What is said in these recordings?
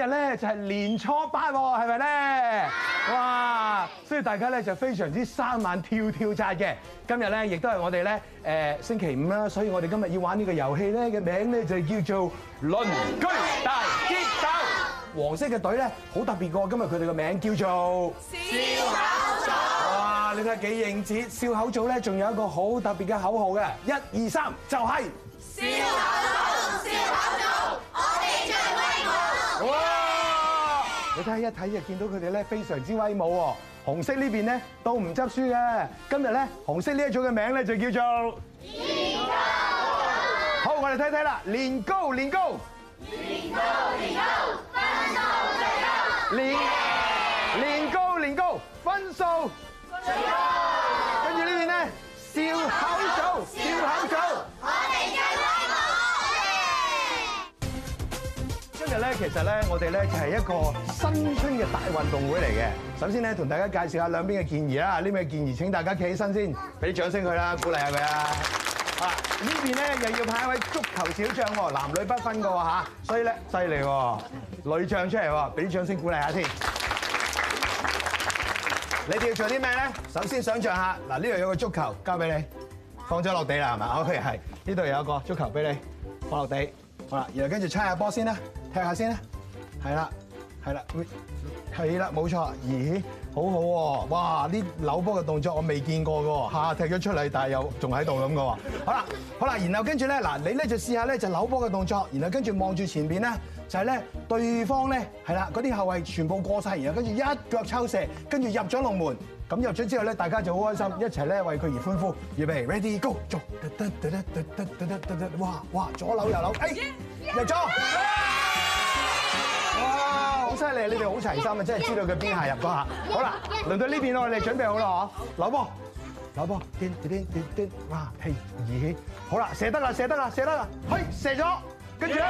今日咧就係年初八喎，係咪咧？哇！對 所以大家咧就非常之生猛跳跳紮嘅。今日咧亦都係我哋咧誒星期五啦，所以我哋今日要玩呢個遊戲咧嘅名咧就叫做鄰居大激鬥。黃色嘅隊咧好特別喎，今日佢哋嘅名叫做笑口組。哇！你睇下幾認字？笑口組咧仲有一個好特別嘅口號嘅，一、就是、二、三就係笑口組，笑口組，我哋最威武。笑我真一睇就見到佢哋咧，非常之威武喎！紅色呢邊咧都唔執輸嘅，今日咧紅色呢一組嘅名咧就叫做年糕。好，我哋睇睇啦，年糕年糕，年糕年糕，分數最高，年年糕年糕，分數最高。連其實咧，我哋咧就係一個新春嘅大運動會嚟嘅。首先咧，同大家介紹下兩邊嘅建議啦。呢邊嘅建議？請大家企起身先，俾啲掌聲佢啦，鼓勵下佢啊！好，呢邊咧又要派一位足球小將喎，男女不分噶吓，所以咧犀利喎，女將出嚟喎，俾啲掌聲鼓勵下先。你哋要做啲咩咧？首先想象下，嗱，呢度有個足球，交俾你，放咗落地啦，係嘛？OK，係。呢度有一個足球俾你，放落地，好啦，然後跟住猜下波先啦。踢下先啦，係啦，係啦，係啦，冇錯。咦，好好喎，哇！呢扭波嘅動作我未見過嘅喎，嚇、啊、踢咗出嚟，但係又仲喺度咁嘅喎。好啦，好啦，然後跟住咧，嗱，你咧就試下咧就扭波嘅動作，然後跟住望住前面咧就係、是、咧對方咧係啦，嗰啲後衞全部過晒。然後跟住一腳抽射，跟住入咗龍門。咁入咗之後咧，大家就好開心，一齊咧為佢而歡呼。預備，備 Ready Go，哇，哇，左扭右扭，哎、入咗。入犀利你哋好齊心啊！真係知道佢邊下入咗下。好啦，輪到呢邊咯，我哋準備好啦，嗬？老婆，老婆，叮叮叮叮，哇！嘿，咦！好啦，射得啦，射得啦，射得啦！嘿，射咗。跟住咧，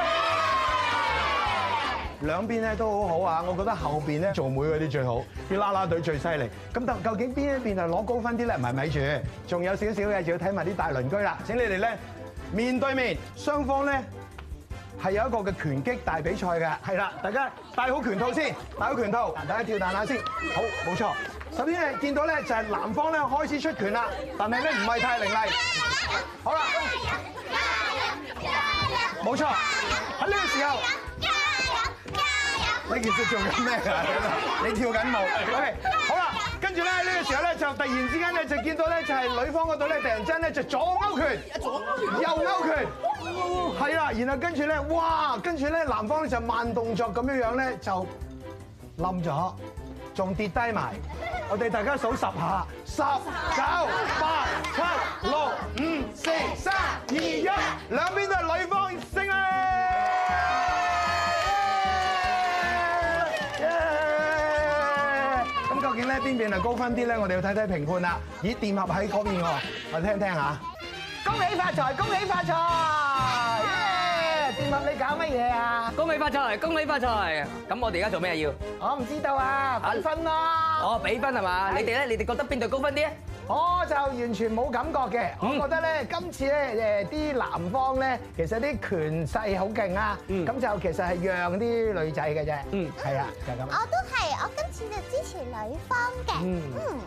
兩邊咧都好好啊。我覺得後邊咧做妹嗰啲最好，啲啦啦隊最犀利。咁究究竟邊一邊係攞高分啲咧？唔係咪住，仲有少少嘅，就要睇埋啲大鄰居啦。請你哋咧面對面，雙方咧。係有一個嘅拳擊大比賽嘅，係啦，大家戴好拳套先，戴好拳套，大家跳彈下先。好，冇錯。首先係見到咧就係男方咧開始出拳啦，但係咧唔係太凌厲。好啦，冇錯。喺呢個時候，呢件事做緊咩啊？加油，你跳緊舞。加油，好啦，跟住咧呢個時候咧就加油突然之間咧就見到咧就係女方嗰隊咧突然間咧就左勾拳，右勾拳。哦，係 啦樂，然後跟住咧，哇，跟住咧，男方咧就慢動作咁樣樣咧就冧咗，仲跌低埋。我哋大家數十下，十、 九、 八、七、六、五、四、三、二、一，兩邊都係女方勝啊，咁究竟咧邊邊係高分啲咧？我哋要睇睇評判啦。咦，電盒喺嗰邊喎，我聽聽吓。恭喜發財！恭喜發財！誒，辯論你搞乜嘢啊？恭喜發財，恭喜發財。咁我哋而家做咩要？我唔知道啊。比分咯。我比分係嘛？你哋咧？你哋覺得邊隊高分啲？我就完全冇感覺嘅。我覺得咧，今次咧誒，啲男方咧，其實啲權勢好勁啊。咁就其實係讓啲女仔嘅啫。係啊，就係咁。我都係，我今次就支持女方嘅。嗯。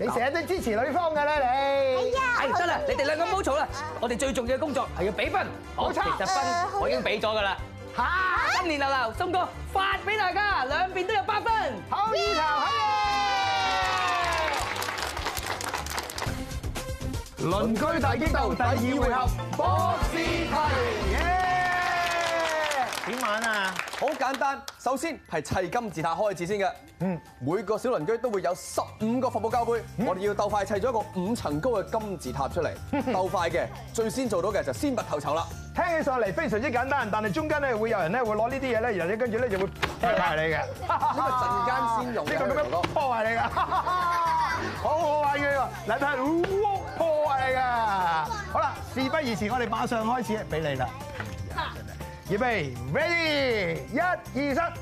你成日都支持女方㗎啦，你係啊，係得啦，你哋兩個冇吵啦。我哋最重要嘅工作係要俾分，其實分我已經俾咗㗎啦。新年流流，心哥發俾大家，兩邊都有八分，好彩，好彩，鄰居大激鬥第二回合，波斯提。好簡單，首先係砌金字塔開始先嘅。嗯，每個小鄰居都會有十五個薄薄膠杯。我哋要鬥快砌咗一個五層高嘅金字塔出嚟。鬥快嘅，最先做到嘅就先拔頭籌啦。聽起上嚟非常之簡單，但係中間咧會有人咧會攞呢啲嘢咧，然後跟住咧就會破壞你嘅。咁啊， 陣間先用呢個破壞你㗎。好好玩嘅嚟睇係撲破壞你㗎。好啦，事不宜遲，我哋馬上開始，俾你啦。預備 ready 一、二、三，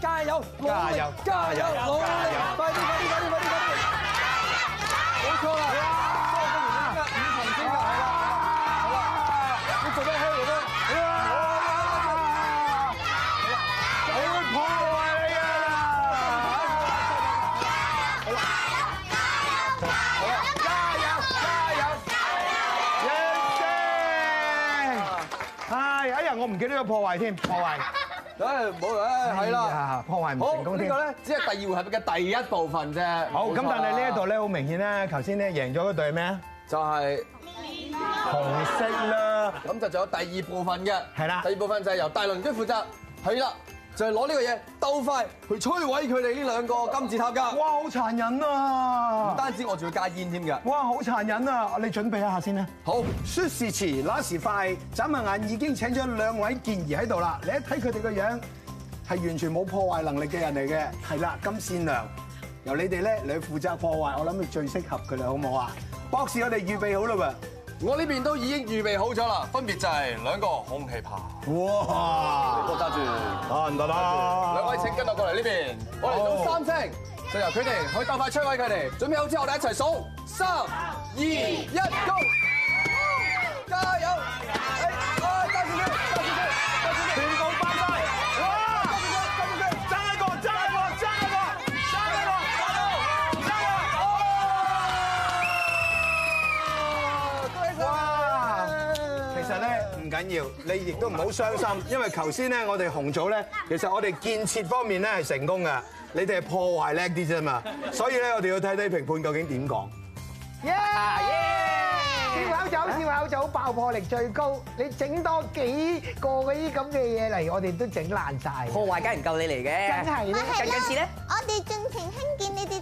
加油，加油，加油，努力，快啲，快啲，加油，加油，快啲，快啲，快啲，冇錯啦！我唔記得個破壞添，破壞，唉冇唉，係啦，破壞唔成功添。好，呢個咧只係第二回合嘅第一部分啫。好，咁但係呢一度咧好明顯啦，頭先咧贏咗嗰隊咩啊？就係紅色啦。咁就仲有第二部分嘅，係啦。第二部分就係由大輪車負責，係啦。就係攞呢個嘢鬥快去摧毀佢哋呢兩個金字塔架。哇！好殘忍啊！唔單止我仲要戒煙添㗎。哇！好殘忍啊！你準備一下先啦。好，說時遲，那時快，眨下眼已經請咗兩位健兒喺度啦。你一睇佢哋嘅樣，係完全冇破壞能力嘅人嚟嘅。係啦，金善良，由你哋咧嚟負責破壞，我諗你最適合佢啦，好唔好啊？嗯、博士，我哋預備好啦喎。我呢邊都已經預備好咗啦，分別就係兩個空氣炮。哇！一個揸住，得唔得啦？啊、兩位請跟我過嚟呢邊，啊、我哋數三聲，就由佢哋可以加油快出位，佢哋準備好之後我，我哋一齊數三二一，高！加油！你亦都唔好傷心，因為頭先咧，我哋紅組咧，其實我哋建設方面咧係成功㗎，你哋係破壞叻啲啫嘛，所以咧我哋要睇睇評判究竟點講。耶耶，跳樓組跳樓組，爆破力最高，你整多幾個嗰啲咁嘅嘢嚟，我哋都整爛晒。破壞梗係唔夠你嚟嘅。真係咧，咁今次咧，我哋盡情興建你哋。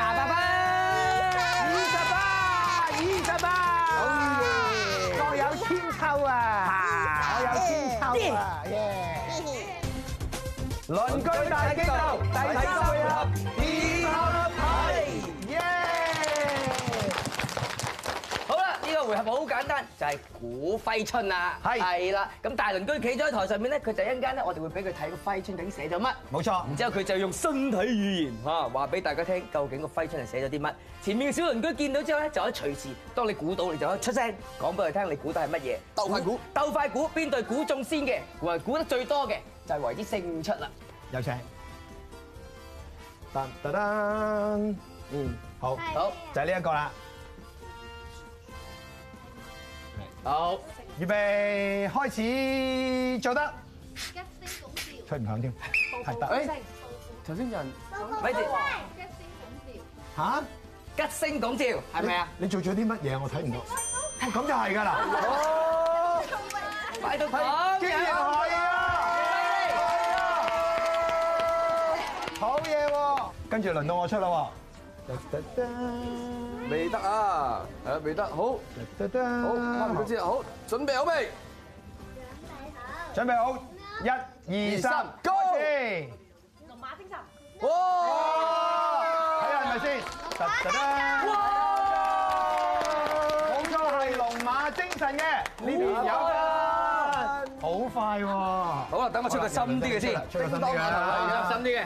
鄰居大激鬥第三回合第二合拍，耶！好啦，呢個回合好簡單，就係估揮春啊！係係啦，咁大鄰居企咗喺台上面咧，佢就一陣間咧，我哋會俾佢睇個揮春究竟寫咗乜？冇錯，然之後佢就用身體語言嚇話俾大家聽，究竟個揮春係寫咗啲乜？前面嘅小鄰居見到之後咧，就可以隨時，當你估到，你就可以出聲講俾佢聽，你估到係乜嘢？鬥快估，鬥快估，邊對估中先嘅，估估得最多嘅就係為之勝出啦！有請，得得得，嗯，好好，就係呢一個啦，好，預備開始，做得，吉星拱照，吹唔響添，係得，哎，頭先有人，咪住，嚇，吉星拱照，係咪啊？你做咗啲乜嘢？我睇唔到，咁就係㗎啦，拜拜，好，謝謝。跟住輪到我出啦喎，未得啊，誒未得好，好開始啦，好準備好未？準備好，準備好，一二三，Go！龍馬精神，哇！睇下係咪先？哇！冇錯係龍馬精神嘅，呢邊有啦，好快喎！好啦，等我出個深啲嘅先，出個深啲嘅。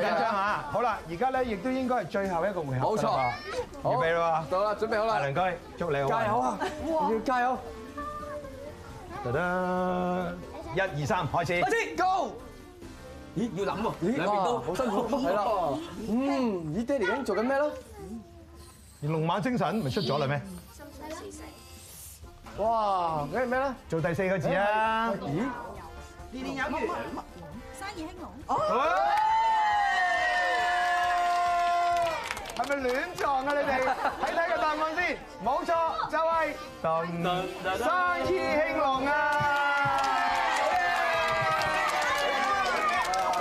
緊張吓，好啦，而家咧亦都應該係最後一個門口，冇錯，準備啦，到啦，準備好啦，鄰居，祝你好，加油啊，要加油，就得一二三，開車，開始，Go，咦，要諗喎，兩邊都好辛苦，係啦，嗯，咦，爹哋已經做緊咩咧？龍馬精神咪出咗啦咩？哇，咩咩咧？做第四個字啊？年年有油，年年有個物物旺，生意興隆。係咪亂撞啊？你哋睇睇個答案先，冇錯就係生意興隆啊！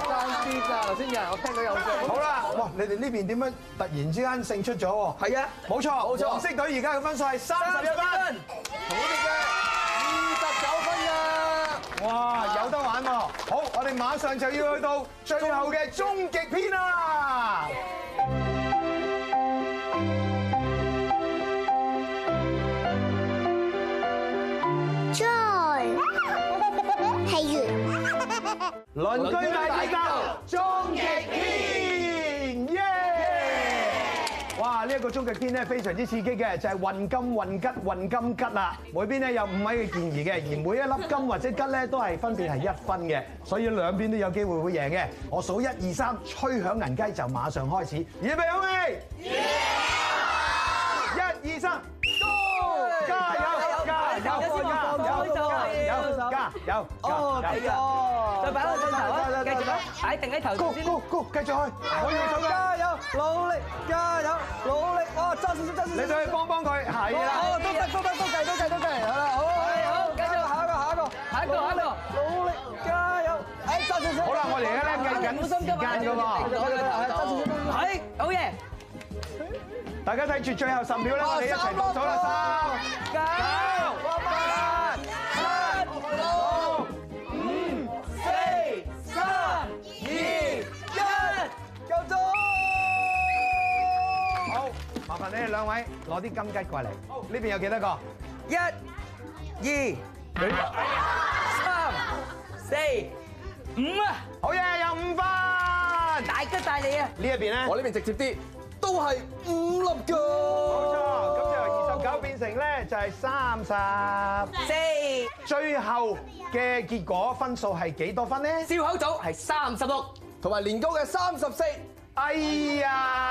生意興隆，頭先有人我聽到有聲。好啦，哇！你哋呢邊點解突然之間勝出咗喎？係啊，冇錯，冇錯。紅色隊而家嘅分數係三十一分，同我哋嘅二十九分啊！哇，有得玩喎！好，我哋馬上就要去到最後嘅終極篇啦！鄰居大激鬥，終極天，哇！呢一個終極天咧，非常之刺激嘅，就係、是、運金運桔運金桔啦。每邊咧，有五米嘅建議嘅，而每一粒金或者吉咧，都係分別係一分嘅，所以兩邊都有機會會贏嘅。我數一二三，吹響銀雞就馬上開始，預備好未？一二三。有，哦，得嘅，再擺落鏡頭啦，繼續啦，哎，定喺頭先，Go Go Go，繼續去，好用心啦，加油，努力，加油，努力，哇，揸少少，揸少少，你哋去幫幫佢，係啦，都得都得都得都得都得，好啦，好，好，繼續下一個下一個，下一個下一個，努力，加油，哎，揸少少，好啦，我而家咧緊緊間嘅喎，係，好嘢，大家睇住最後十秒咧，我哋一齊走啦，三，Go。好，麻煩你哋兩位攞啲金桔過嚟。呢邊有幾多個？一、二、三、四、五啊！好嘢，有五分，大吉大利啊！呢一邊咧，我呢邊直接啲，都係五粒噶。冇錯，咁就由二十九變成咧就係三十四。最後嘅結果分數係幾多分咧？笑口組係三十六，同埋年糕嘅三十四。哎呀！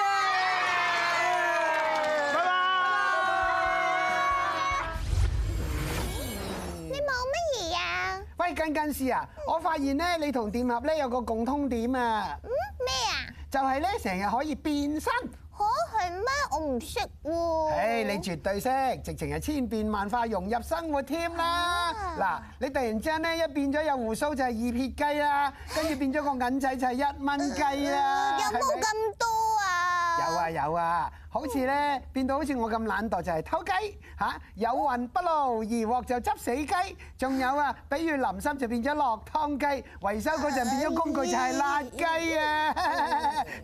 根根 Sir 啊！我發現咧，你同電俠咧有個共通點啊！嗯，咩啊？就係咧，成日可以變身。可係咩？我唔識喎。唉，hey, 你絕對識，直情係千變萬化融入生活添啦！嗱、啊，你突然之間咧一變咗有鬍鬚就係二撇雞啦，跟住變咗個銀仔就係一蚊雞啦，有冇咁多啊，啊？有啊有啊！好似咧變到好似我咁懶惰就係偷雞吓，有運不勞而獲就執死雞，仲有啊，比如淋濕就變咗落湯雞，維修嗰陣變咗工具就係辣雞啊，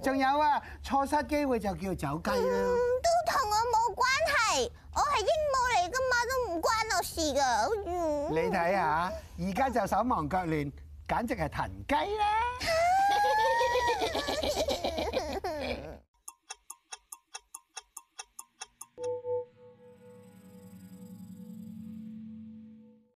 仲有啊，錯失機會就叫走雞啦。嗯，都同我冇關係，我係鸚鵡嚟㗎嘛，都唔關我事㗎。你睇吓，而家就手忙腳亂，簡直係騰雞啦。